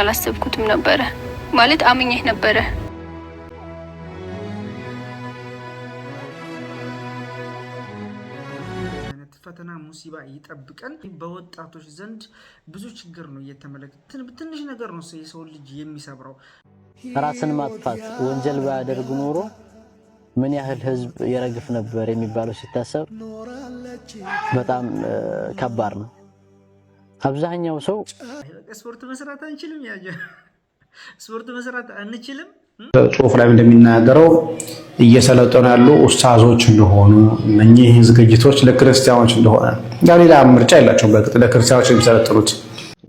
አላሰብኩትም ነበረ ማለት አምኜህ ነበረ። ፈተና ሙሲባ ይጠብቀን። በወጣቶች ዘንድ ብዙ ችግር ነው እየተመለከት ትንሽ ነገር ነው የሰው ልጅ የሚሰብረው። ራስን ማጥፋት ወንጀል ባያደርግ ኖሮ ምን ያህል ህዝብ የረግፍ ነበር የሚባለው ሲታሰብ በጣም ከባድ ነው። አብዛኛው ሰው ስፖርት መስራት አንችልም፣ ስፖርት መስራት አንችልም። ጽሁፍ ላይ እንደሚናገረው እየሰለጠኑ ያሉ ኡስታዞች እንደሆኑ እነህ ዝግጅቶች ለክርስቲያኖች እንደሆነ ያው ሌላ ምርጫ የላቸውም። በእርግጥ ለክርስቲያኖች የሚሰለጥኑት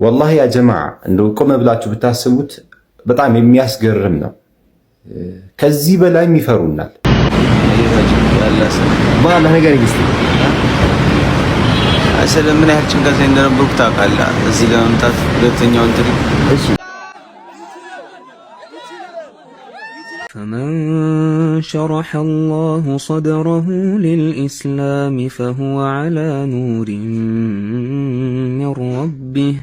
ወላሂ ያ ጀማ እንደ ቆም ብላችሁ ብታስቡት በጣም የሚያስገርም ነው። ከዚህ በላይም ይፈሩናል ባለ ነገር ስለ ምን ያህል ጭንቀት ላይ እንደነበርኩ ታውቃለህ። እዚህ ለመምጣት ሁለተኛውን ትሪ فمن شرح الله صدره للإسلام فهو على نور من ربه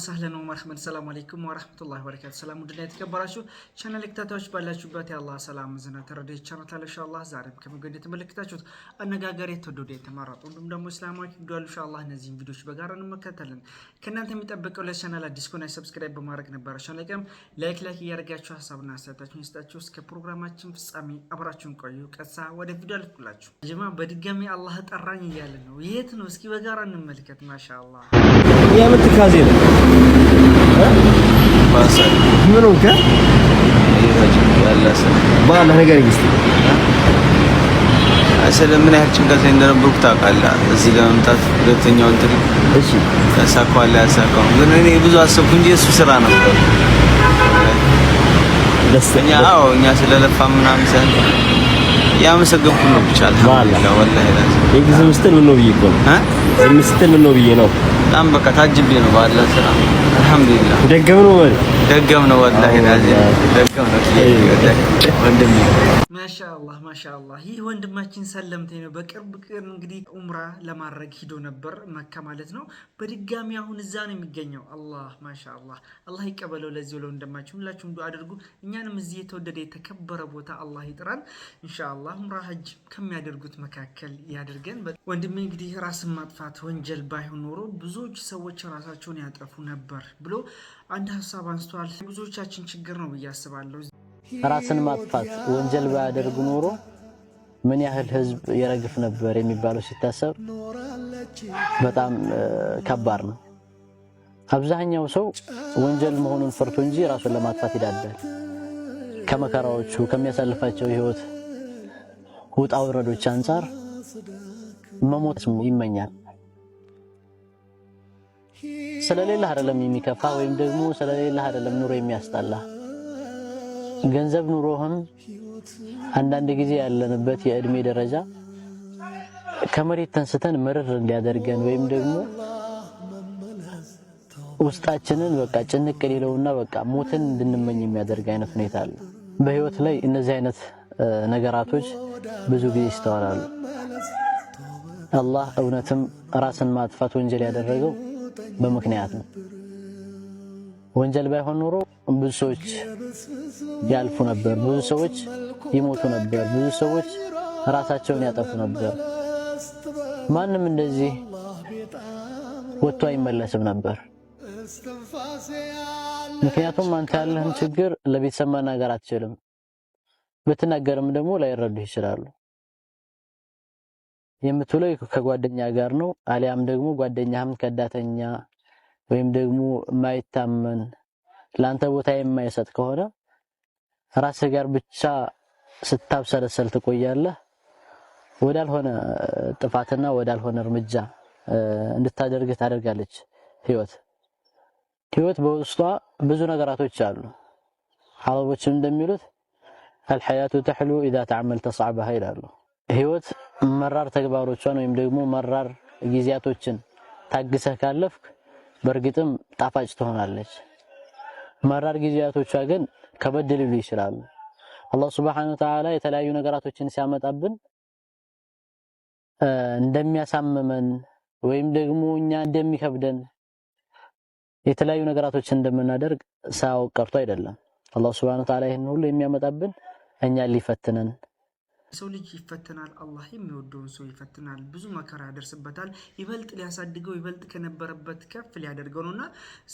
ወሳህለን ወመርሐመን ሰላም አለይኩም ወራህመቱላሂ ወበረካቱ። ሰላም ውድ የተከበራችሁ ቻናል ተከታታዮች ባላችሁበት የአላህ ሰላም ዝና ተረዳይ ቻናል ታለ ኢንሻአላህ ዛሬም ከመገኘት የተመለከታችሁት አነጋጋሪ የተወደደ የተመረጡ እንዲሁም ደግሞ እስላማዊ ዱዓል ኢንሻአላህ እነዚህን ቪዲዮዎች በጋራ እንመከታለን። ከእናንተ የሚጠበቀው ለቻናል አዲስ ከሆናችሁ ሰብስክራይብ በማድረግ ነበር ቻናል ላይክም ላይክ ላይክ እያደረጋችሁ ሀሳብና አስተያየታችሁን ይስጣችሁ። እስከ ፕሮግራማችን ፍጻሜ አብራችሁን ቆዩ። ቀጥታ ወደ ቪዲዮ አልኩላችሁ። ጀማ በድጋሚ አላህ ጠራኝ እያለ ነው። የት ነው? እስኪ በጋራ እንመልከት። ማሻአላህ የምትካዜ ነው ምን ሆንክ? ባለ ነገር ስለምን ያህል ጭንቀት ላይ እንደነበርኩ ታውቃለህ። እዚህ ለመምጣት ሁለተኛው እንትን እሺ፣ ተሳካዋል አልተሳካውም፣ ግን እኔ ብዙ አሰብኩ እንጂ እሱ ስራ ነበር። እኛ አዎ፣ እኛ ስለለፋ ምናምን ያመሰገንኩ ነው ብቻ አልሐምዱሊላህ። ወላሂ ስትል ምን ነው ብዬ እኮ ነው እ ስትል ምን ነው ብዬ ነው በጣም በቃ ታጅቤ ነው ባለ ስራ አልሐምዱሊላህ። ደገም ነው ወላሂ ደገም ነው ወላሂ ደገም ነው ወንድሜ ማሻአላህ ማሻአላህ ይህ ወንድማችን ሰለምቴ ነው። በቅርብ እንግዲህ ኡምራ ለማድረግ ሂዶ ነበር መካ ማለት ነው። በድጋሚ አሁን እዛ ነው የሚገኘው። አላህ ማሻአላህ አላህ ይቀበለው። ለዚህ ለወንድማችን ሁላችሁም ዱ አድርጉ። እኛንም እዚህ የተወደደ የተከበረ ቦታ አላህ ይጥራል። ኢንሻአላህ። ኡምራ ሀጅ ከሚያደርጉት መካከል ያድርገን። ወንድሜ እንግዲህ ራስን ማጥፋት ወንጀል ባይሆን ኖሮ ብዙዎች ሰዎች ራሳቸውን ያጠፉ ነበር ብሎ አንድ ሀሳብ አንስተዋል። ብዙዎቻችን ችግር ነው ብዬ አስባለሁ። ራስን ማጥፋት ወንጀል ባያደርግ ኖሮ ምን ያህል ህዝብ የረግፍ ነበር የሚባለው ሲታሰብ በጣም ከባድ ነው። አብዛኛው ሰው ወንጀል መሆኑን ፈርቶ እንጂ ራሱን ለማጥፋት ይዳዳል። ከመከራዎቹ ከሚያሳልፋቸው ህይወት ውጣ ውረዶች አንጻር መሞት ይመኛል። ስለሌላ አይደለም የሚከፋ ወይም ደግሞ ስለሌላ አይደለም ኑሮ የሚያስጠላ ገንዘብ ኑሮህም አንዳንድ ጊዜ ያለንበት የእድሜ ደረጃ ከመሬት ተንስተን ምርር እንዲያደርገን ወይም ደግሞ ውስጣችንን በቃ ጭንቅ ሊለውና በቃ ሞትን እንድንመኝ የሚያደርግ አይነት ሁኔታ አለ። በህይወት ላይ እነዚህ አይነት ነገራቶች ብዙ ጊዜ ይስተዋላሉ። አላህ እውነትም ራስን ማጥፋት ወንጀል ያደረገው በምክንያት ነው። ወንጀል ባይሆን ኖሮ ብዙ ሰዎች ያልፉ ነበር፣ ብዙ ሰዎች ይሞቱ ነበር፣ ብዙ ሰዎች ራሳቸውን ያጠፉ ነበር። ማንም እንደዚህ ወጥቶ አይመለስም ነበር። ምክንያቱም አንተ ያለህን ችግር ለቤተሰብ መናገር አትችልም። ብትናገርም ደግሞ ላይረዱህ ይችላሉ። የምትውለው ከጓደኛ ጋር ነው፣ አሊያም ደግሞ ጓደኛህም ከዳተኛ ወይም ደግሞ የማይታመን ለአንተ ቦታ የማይሰጥ ከሆነ ራስህ ጋር ብቻ ስታብሰለሰል ትቆያለህ። ወዳልሆነ ጥፋትና ወዳልሆነ እርምጃ እንድታደርግህ ታደርጋለች ህይወት። ህይወት በውስጧ ብዙ ነገራቶች አሉ። አረቦችም እንደሚሉት አልሐያቱ ተህሉ ኢዛ ተዓመልተ ሰዕበሃ ይላሉ። ህይወት መራር ተግባሮቿን ወይም ደግሞ መራር ጊዜያቶችን ታግሰህ ካለፍክ በእርግጥም ጣፋጭ ትሆናለች። መራር ጊዜያቶቿ ግን ከበድ ሊሉ ይችላሉ። አላህ ሱብሓነሁ ወተዓላ የተለያዩ ነገራቶችን ሲያመጣብን እንደሚያሳምመን ወይም ደግሞ እኛ እንደሚከብደን የተለያዩ ነገራቶችን እንደምናደርግ ሳያውቅ ቀርቶ አይደለም። አላህ ሱብሓነሁ ወተዓላ ይህን ሁሉ የሚያመጣብን እኛ ሊፈትነን ሰው ልጅ ይፈተናል። አላህ የሚወደውን ሰው ይፈትናል። ብዙ መከራ ያደርስበታል። ይበልጥ ሊያሳድገው ይበልጥ ከነበረበት ከፍ ሊያደርገው ነው እና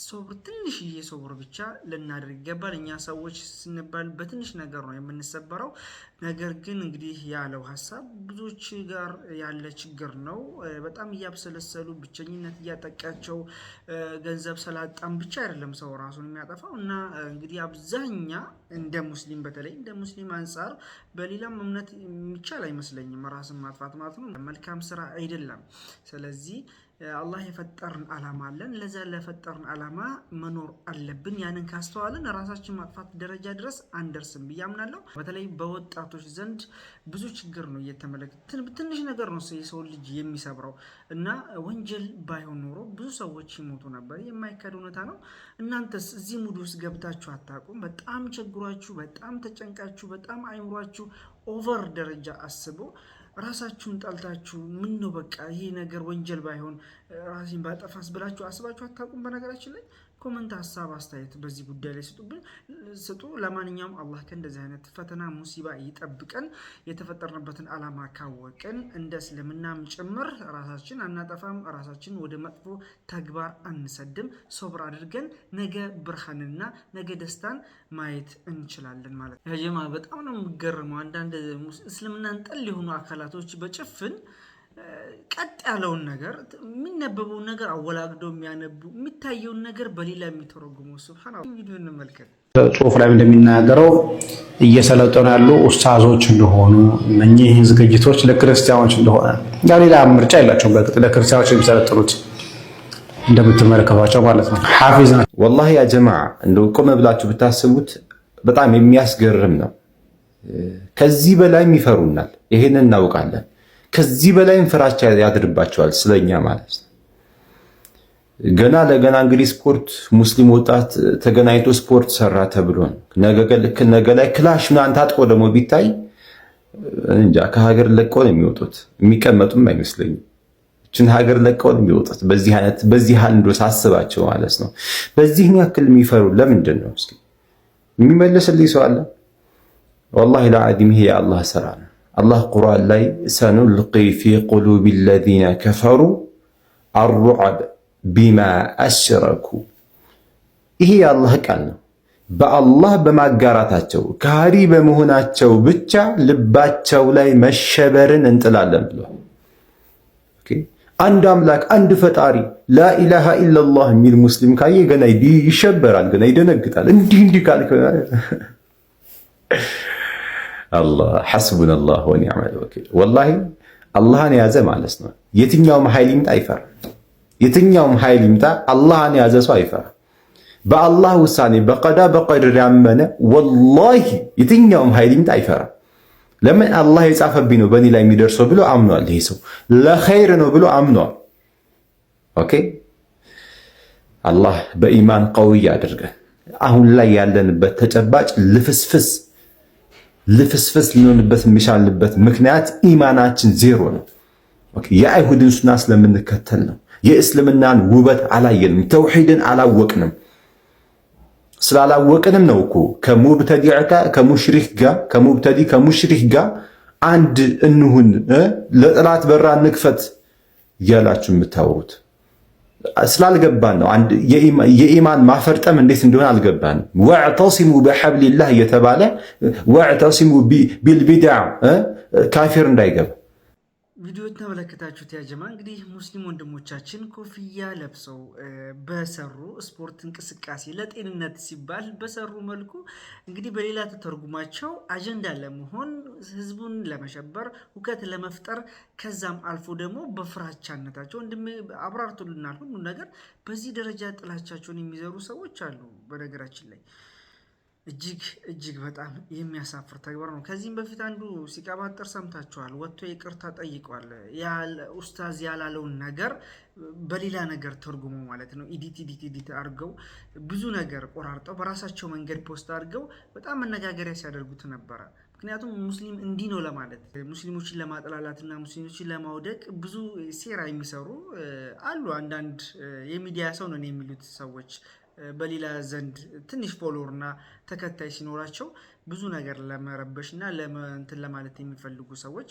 ሶብር፣ ትንሽዬ ሶብር ብቻ ልናደርግ ይገባል። እኛ ሰዎች ስንባል በትንሽ ነገር ነው የምንሰበረው። ነገር ግን እንግዲህ ያለው ሀሳብ ብዙዎች ጋር ያለ ችግር ነው። በጣም እያብሰለሰሉ ብቸኝነት እያጠቃቸው ገንዘብ ስላጣም ብቻ አይደለም ሰው ራሱን የሚያጠፋው እና እንግዲህ አብዛኛ እንደ ሙስሊም በተለይ እንደ ሙስሊም አንጻር በሌላም እምነት የሚቻል አይመስለኝም። ራስን ማጥፋት ማለት ነው መልካም ስራ አይደለም። ስለዚህ አላህ የፈጠርን አላማ አለን። ለዛ ለፈጠርን አላማ መኖር አለብን። ያንን ካስተዋልን ራሳችን ማጥፋት ደረጃ ድረስ አንደርስም ብዬ አምናለሁ። በተለይ በወጣቶች ዘንድ ብዙ ችግር ነው እየተመለከት ትንሽ ነገር ነው የሰው ልጅ የሚሰብረው እና ወንጀል ባይሆን ኖሮ ብዙ ሰዎች ይሞቱ ነበር። የማይካድ እውነታ ነው። እናንተስ እዚህ ሙድ ውስጥ ገብታችሁ አታውቁም? በጣም ቸግሯችሁ፣ በጣም ተጨንቃችሁ፣ በጣም አይምሯችሁ ኦቨር ደረጃ አስቦ ራሳችሁን ጠልታችሁ ምን ነው በቃ ይሄ ነገር ወንጀል ባይሆን ራሴን ባጠፋስ ብላችሁ አስባችሁ አታውቁም። በነገራችን ላይ ኮመንት፣ ሀሳብ፣ አስተያየት በዚህ ጉዳይ ላይ ስጡብን ስጡ። ለማንኛውም አላህ ከእንደዚህ አይነት ፈተና ሙሲባ ይጠብቀን። የተፈጠርንበትን ዓላማ ካወቅን እንደ እስልምናም ጭምር ራሳችን አናጠፋም፣ ራሳችን ወደ መጥፎ ተግባር አንሰድም። ሶብር አድርገን ነገ ብርሃንና ነገ ደስታን ማየት እንችላለን ማለት ነው። ያጀማ በጣም ነው የሚገርመው አንዳንድ እስልምናን ጠል የሆኑ አካላቶች በጭፍን ቀጥ ያለውን ነገር የሚነበበውን ነገር አወላግደው የሚያነቡ የሚታየውን ነገር በሌላ የሚተረጉመው ስብሓን እንመልከት። ጽሁፍ ላይ እንደሚናገረው እየሰለጠኑ ያሉ ኡስታዞች እንደሆኑ እነህ ዝግጅቶች ለክርስቲያኖች እንደሆነ ያው ሌላ ምርጫ የላቸውም። በእርግጥ ለክርስቲያኖች የሚሰለጥኑት እንደምትመለከቷቸው ማለት ነው። ሐፊዝ ወላሂ ያ ጀማ እንደው ቆመ ብላችሁ ብታስቡት በጣም የሚያስገርም ነው። ከዚህ በላይ ይፈሩናል። ይህን እናውቃለን። ከዚህ በላይም ፍራቻ ያድርባቸዋል ስለኛ ማለት ነው። ገና ለገና እንግዲህ ስፖርት ሙስሊም ወጣት ተገናኝቶ ስፖርት ሰራ ተብሎ ነገ ላይ ክላሽ ምናምን ታጥቆ ደግሞ ቢታይ እንጃ ከሀገር ለቀው ነው የሚወጡት። የሚቀመጡም አይመስለኝም። እችን ሀገር ለቀው ነው የሚወጡት። በዚህ አይነት በዚህ አንዱ ሳስባቸው ማለት ነው። በዚህ ያክል የሚፈሩ ለምንድን ነው? እስኪ የሚመለስልኝ ሰው አለ? ወላሂ ለአዲም ይሄ የአላህ ስራ ነው። አላህ ቁርአን ላይ ሰኑልቂ ፊ ቁሉቢ አለዚነ ከፈሩ አሩዐብ ቢማ አሽረኩ። ይሄ የአላህ ቃል ነው። በአላህ በማጋራታቸው ከሃዲ በመሆናቸው ብቻ ልባቸው ላይ መሸበርን እንጥላለን ብሏል። አንድ አምላክ አንድ ፈጣሪ ላኢላሃ ኢለላህ የሚል ሙስሊም ካየ ገና ይሸበራል፣ ገና ይደነግጣል። እንዲህ እንዲህ ካልክ ሐስቡነላህ ወኒዕመል ወኪል። ወላሂ አላህን የያዘ ማለት ነው የትኛውም ኃይል ይምጣ አይፈራ። የትኛውም ኃይል ይምጣ አላህን የያዘ ሰው አይፈራ። በአላህ ውሳኔ በቀዳ በቀድር ያመነ ወላሂ የትኛውም ኃይል ይምጣ አይፈራ። ለምን አላህ የጻፈብኝ ነው በእኔ ላይ የሚደርሰው ብሎ አምኗል። ይሄ ሰው ለኸይር ነው ብሎ አምኗል። ኦኬ አላህ በኢማን ቀውይ አድርገን አሁን ላይ ያለንበት ተጨባጭ ልፍስፍስ ልፍስፍስ ልንሆንበት የሚሻልበት ምክንያት ኢማናችን ዜሮ ነው። የአይሁድን ሱና ስለምንከተል ነው። የእስልምናን ውበት አላየንም። ተውሒድን አላወቅንም። ስላላወቅንም ነው እኮ ከሙብተዲዕ ከሙሽሪክ ጋር ከሙብተዲ ከሙሽሪክ ጋር አንድ እንሁን፣ ለጥላት በራ ንክፈት እያላችሁ የምታወሩት ስላልገባን ነው። የኢማን ማፈርጠም እንዴት እንደሆነ አልገባን። ወዕተሲሙ በሐብሊላህ እየተባለ ወዕተሲሙ ቢልቢድዕ ካፊር እንዳይገባ ቪዲዮ ተመለከታችሁት። ያጀማ እንግዲህ ሙስሊም ወንድሞቻችን ኮፍያ ለብሰው በሰሩ ስፖርት እንቅስቃሴ ለጤንነት ሲባል በሰሩ መልኩ እንግዲህ በሌላ ተተርጉማቸው አጀንዳ ለመሆን ህዝቡን ለመሸበር፣ ሁከት ለመፍጠር ከዛም አልፎ ደግሞ በፍራቻነታቸው ወንድሜ አብራርቶልናል ሁሉ ነገር። በዚህ ደረጃ ጥላቻቸውን የሚዘሩ ሰዎች አሉ በነገራችን ላይ እጅግ እጅግ በጣም የሚያሳፍር ተግባር ነው። ከዚህም በፊት አንዱ ሲቀባጥር ሰምታችኋል። ወጥቶ ይቅርታ ጠይቋል። ኡስታዝ ያላለውን ነገር በሌላ ነገር ተርጉሞ ማለት ነው ኢዲት ኢዲት ኢዲት አድርገው ብዙ ነገር ቆራርጠው በራሳቸው መንገድ ፖስት አድርገው በጣም መነጋገሪያ ሲያደርጉት ነበረ። ምክንያቱም ሙስሊም እንዲህ ነው ለማለት ሙስሊሞችን ለማጠላላትና ሙስሊሞችን ለማውደቅ ብዙ ሴራ የሚሰሩ አሉ። አንዳንድ የሚዲያ ሰው ነን የሚሉት ሰዎች በሌላ ዘንድ ትንሽ ፎሎወር እና ተከታይ ሲኖራቸው ብዙ ነገር ለመረበሽ እና እንትን ለማለት የሚፈልጉ ሰዎች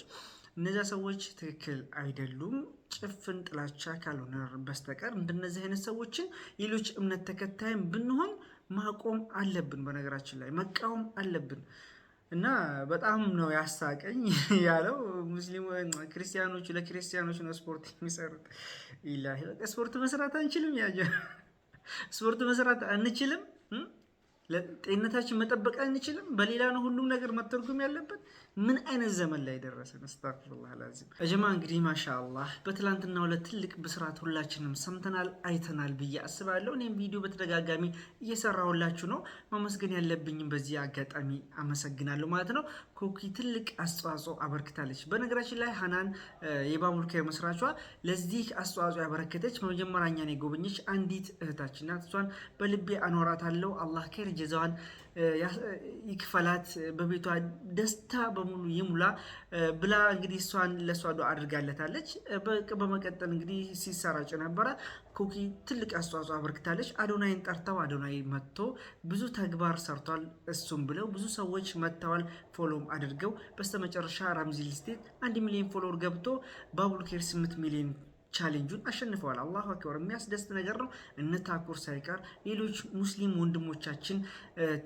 እነዚያ ሰዎች ትክክል አይደሉም። ጭፍን ጥላቻ ካልሆነ በስተቀር እንደነዚህ አይነት ሰዎችን ሌሎች እምነት ተከታይም ብንሆን ማቆም አለብን። በነገራችን ላይ መቃወም አለብን እና በጣም ነው ያሳቀኝ ያለው ሙስሊሙ ክርስቲያኖቹ ለክርስቲያኖች ነው ስፖርት የሚሰሩት። ስፖርት መስራት አንችልም ያ ስፖርት መስራት አንችልም። ጤንነታችን መጠበቅ አንችልም። በሌላ ነው ሁሉም ነገር መተርጎም ያለበት። ምን አይነት ዘመን ላይ ደረሰን? አስተግፊሩላህ ላዚም እጀማ። እንግዲህ ማሻአላህ በትላንትና ሁለት ትልቅ ብስራት ሁላችንም ሰምተናል፣ አይተናል ብዬ አስባለሁ። እኔም ቪዲዮ በተደጋጋሚ እየሰራሁላችሁ ነው። ማመስገን ያለብኝም በዚህ አጋጣሚ አመሰግናለሁ ማለት ነው። ኮኪ ትልቅ አስተዋጽኦ አበርክታለች። በነገራችን ላይ ሀናን የባቡል መስራቿ ለዚህ አስተዋጽኦ ያበረከተች በመጀመሪያ እኛን የጎበኘች አንዲት እህታችን ናት። እሷን በልቤ አኖራታለሁ አላህ ከር ይዘዋል ይክፈላት፣ በቤቷ ደስታ በሙሉ ይሙላ ብላ እንግዲህ እሷን ለእሷ አድርጋለታለች። በመቀጠል እንግዲህ ሲሰራጭ ነበረ። ኮኪ ትልቅ አስተዋጽኦ አበርክታለች። አዶናይን ጠርተው አዶናይ መጥቶ ብዙ ተግባር ሰርቷል። እሱም ብለው ብዙ ሰዎች መጥተዋል፣ ፎሎም አድርገው በስተመጨረሻ ራምዚ ሊስቴት አንድ ሚሊዮን ፎሎወር ገብቶ ኬር ስምንት ሚሊዮን ቻሌንጁን አሸንፈዋል። አላሁ አክበር የሚያስደስት ነገር ነው። እነ ታኩር ሳይቀር ሌሎች ሙስሊም ወንድሞቻችን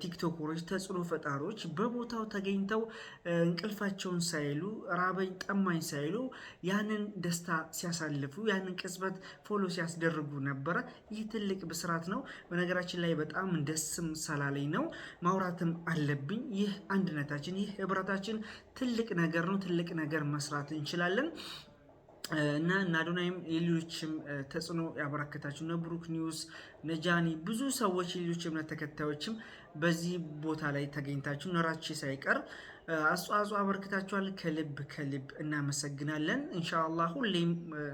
ቲክቶከሮች፣ ተጽዕኖ ፈጣሪዎች በቦታው ተገኝተው እንቅልፋቸውን ሳይሉ ራበኝ ጠማኝ ሳይሉ ያንን ደስታ ሲያሳልፉ ያንን ቅጽበት ፎሎ ሲያስደርጉ ነበረ። ይህ ትልቅ ብስራት ነው። በነገራችን ላይ በጣም ደስም ሰላለኝ ነው። ማውራትም አለብኝ። ይህ አንድነታችን፣ ይህ ህብረታችን ትልቅ ነገር ነው። ትልቅ ነገር መስራት እንችላለን። እና አዶናይም የሌሎችም ተጽዕኖ ያበረከታቸው እነ ብሩክ ኒውስ ነጃኒ ብዙ ሰዎች የሌሎች እምነት ተከታዮችም በዚህ ቦታ ላይ ተገኝታችሁ ነራቼ ሳይቀር አስተዋጽኦ አበርክታችኋል። ከልብ ከልብ እናመሰግናለን። እንሻላ ሁሌም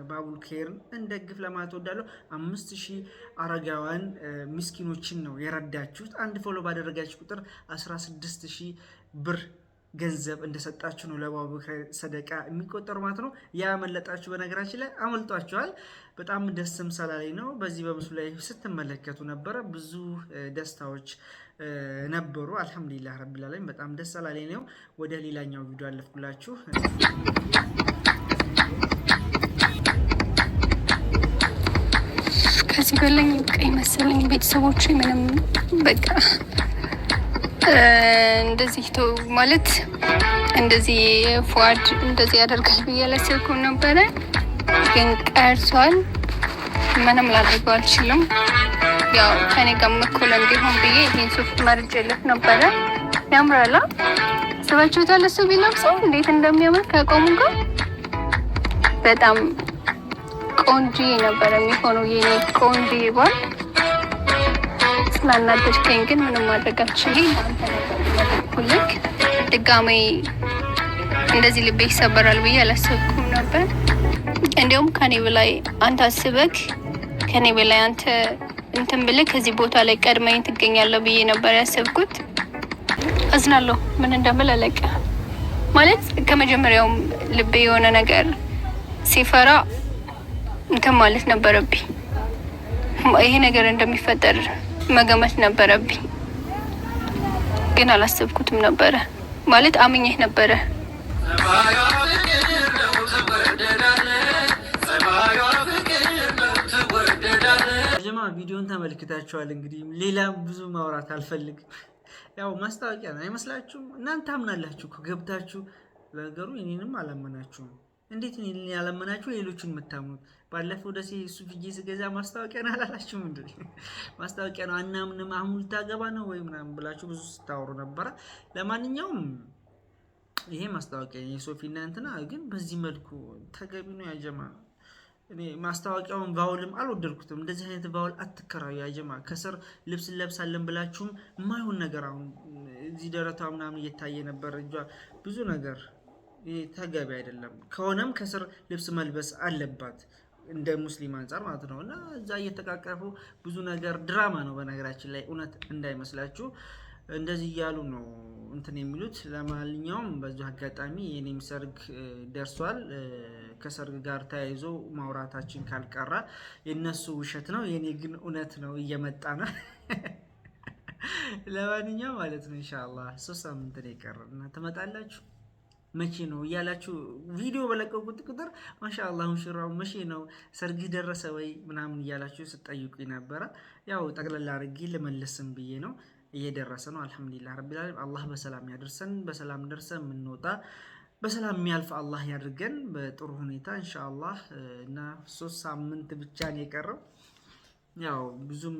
ባቡል ኬርን እንደግፍ ለማለት ወዳለሁ። አምስት ሺህ አረጋውያን ምስኪኖችን ነው የረዳችሁት። አንድ ፎሎ ባደረጋችሁ ቁጥር 16 ሺህ ብር ገንዘብ እንደሰጣችሁ ነው ለባቡከር ሰደቃ የሚቆጠሩ ማለት ነው። ያ ያመለጣችሁ በነገራችን ላይ አመልጧችኋል። በጣም ደስም ሰላለኝ ነው። በዚህ በምስሉ ላይ ስትመለከቱ ነበረ ብዙ ደስታዎች ነበሩ። አልሐምዱሊላህ ረቢል ዓለሚን በጣም ደስ ሰላለኝ ነው። ወደ ሌላኛው ቪዲዮ አለፍኩላችሁ። ከዚህ በላይ ቀይ መሰለኝ ቤተሰቦች ምንም በቃ እንደዚህ ማለት እንደዚህ ፏድ እንደዚህ ያደርጋል ብዬ አላሰብኩም ነበረ፣ ግን ቀርሷል ምንም ላደርገው አልችልም። ያው ከኔ ጋር መኮለ እንዲሆን ብዬ ይህን ሱፍ መርጬለት ነበረ። ያምራላ ስባችሁታል። እሱ ቢለብሰው እንዴት እንደሚያምር ከቆሙ ጋር በጣም ቆንጆ ነበረ የሚሆነው የኔ ቆንጆ ይባል ስላናደድከኝ ግን ምንም ማድረግ አልችልም። ልክ ድጋሜ እንደዚህ ልቤ ይሰበራል ብዬ አላሰብኩም ነበር። እንዲሁም ከኔ በላይ አንተ አስበክ ከኔ በላይ አንተ እንትን ብልህ ከዚህ ቦታ ላይ ቀድመኝ ትገኛለሁ ብዬ ነበር ያሰብኩት። አዝናለሁ። ምን እንደምል አለቀ ማለት ከመጀመሪያውም ልቤ የሆነ ነገር ሲፈራ እንትን ማለት ነበረብኝ። ይሄ ነገር እንደሚፈጠር መገመት ነበረብኝ፣ ግን አላሰብኩትም ነበረ ማለት አምኜህ ነበረ። ጀማ ቪዲዮን ተመልክታችኋል። እንግዲህ ሌላ ብዙ ማውራት አልፈልግም። ያው ማስታወቂያ ነው አይመስላችሁም? እናንተ አምናላችሁ ከገብታችሁ በነገሩ እኔንም አላመናችሁም። እንዴት እኔን ያላመናችሁ ሌሎችን የምታምኑት? ባለፈው ደሴ እሱ ፍጄ ስገዛ ማስታወቂያ ነው አላላችሁም? እንደ ማስታወቂያ ነው አናምንም፣ አህሙ ልታገባ ነው ወይ ምናምን ብላችሁ ብዙ ስታወሩ ነበረ። ለማንኛውም ይሄ ማስታወቂያ የሶፊና እንትና ግን በዚህ መልኩ ተገቢ ነው ያጀማ። እኔ ማስታወቂያውን ቫውልም አልወደድኩትም። እንደዚህ አይነት ቫውል አትከራዩ ያጀማ። ከስር ልብስ ለብሳለን ብላችሁም የማይሆን ነገር አሁን እዚህ ደረቷ ምናምን እየታየ ነበር፣ እጇ ብዙ ነገር ይሄ ተገቢ አይደለም። ከሆነም ከስር ልብስ መልበስ አለባት። እንደ ሙስሊም አንጻር ማለት ነው። እና እዛ እየተቃቀፉ ብዙ ነገር ድራማ ነው በነገራችን ላይ እውነት እንዳይመስላችሁ። እንደዚህ እያሉ ነው እንትን የሚሉት። ለማንኛውም በዚ አጋጣሚ የኔም ሰርግ ደርሷል። ከሰርግ ጋር ተያይዞ ማውራታችን ካልቀራ የነሱ ውሸት ነው፣ የኔ ግን እውነት ነው፣ እየመጣ ነው። ለማንኛውም ማለት ነው ኢንሻላህ ሶስት ሳምንት ነው የቀረ እና ትመጣላችሁ መቼ ነው እያላችሁ ቪዲዮ በለቀቁት ቁጥር ማሻአላህ ሙሽራው መቼ ነው ሰርግ ደረሰ ወይ ምናምን እያላችሁ ስጠይቁ ነበረ። ያው ጠቅላላ አድርጌ ልመልስም ብዬ ነው። እየደረሰ ነው አልሐምዱሊላህ ረቢል ዓለሚን። አላህ በሰላም ያደርሰን፣ በሰላም ደርሰ የምንወጣ በሰላም የሚያልፍ አላህ ያድርገን በጥሩ ሁኔታ ኢንሻአላህ። እና ሶስት ሳምንት ብቻ ነው የቀረው ያው ብዙም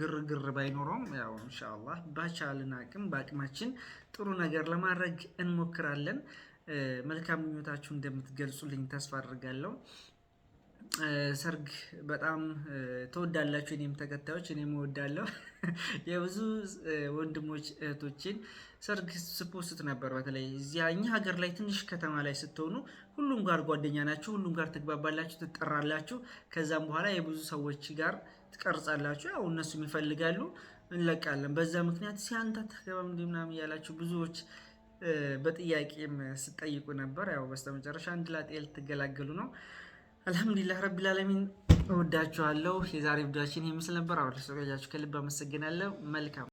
ግርግር ባይኖረውም ያው ኢንሻአላህ ባቻልን አቅም በአቅማችን ጥሩ ነገር ለማድረግ እንሞክራለን። መልካም ምኞታችሁ እንደምትገልጹልኝ ተስፋ አድርጋለሁ። ሰርግ በጣም ተወዳላችሁ፣ እኔም ተከታዮች፣ እኔም እወዳለሁ። የብዙ ወንድሞች እህቶችን ሰርግ ስፖስት ነበር። በተለይ እዚያ እኛ ሀገር ላይ ትንሽ ከተማ ላይ ስትሆኑ ሁሉም ጋር ጓደኛ ናችሁ፣ ሁሉም ጋር ትግባባላችሁ፣ ትጠራላችሁ። ከዛም በኋላ የብዙ ሰዎች ጋር ትቀርጻላችሁ። ያው እነሱም ይፈልጋሉ፣ እንለቃለን። በዛ ምክንያት ሲያንታ ተከባም ምናምን እያላችሁ ብዙዎች በጥያቄም ስጠይቁ ነበር። ያው በስተመጨረሻ አንድ ላጤ ልትገላገሉ ነው። አልሐምዱሊላህ ረቢል ዓለሚን እወዳችኋለሁ። የዛሬ ቪዲዮችን ይህ ምስል ነበር። አብራችሁ ስለቆያችሁ ከልብ አመሰግናለሁ። መልካም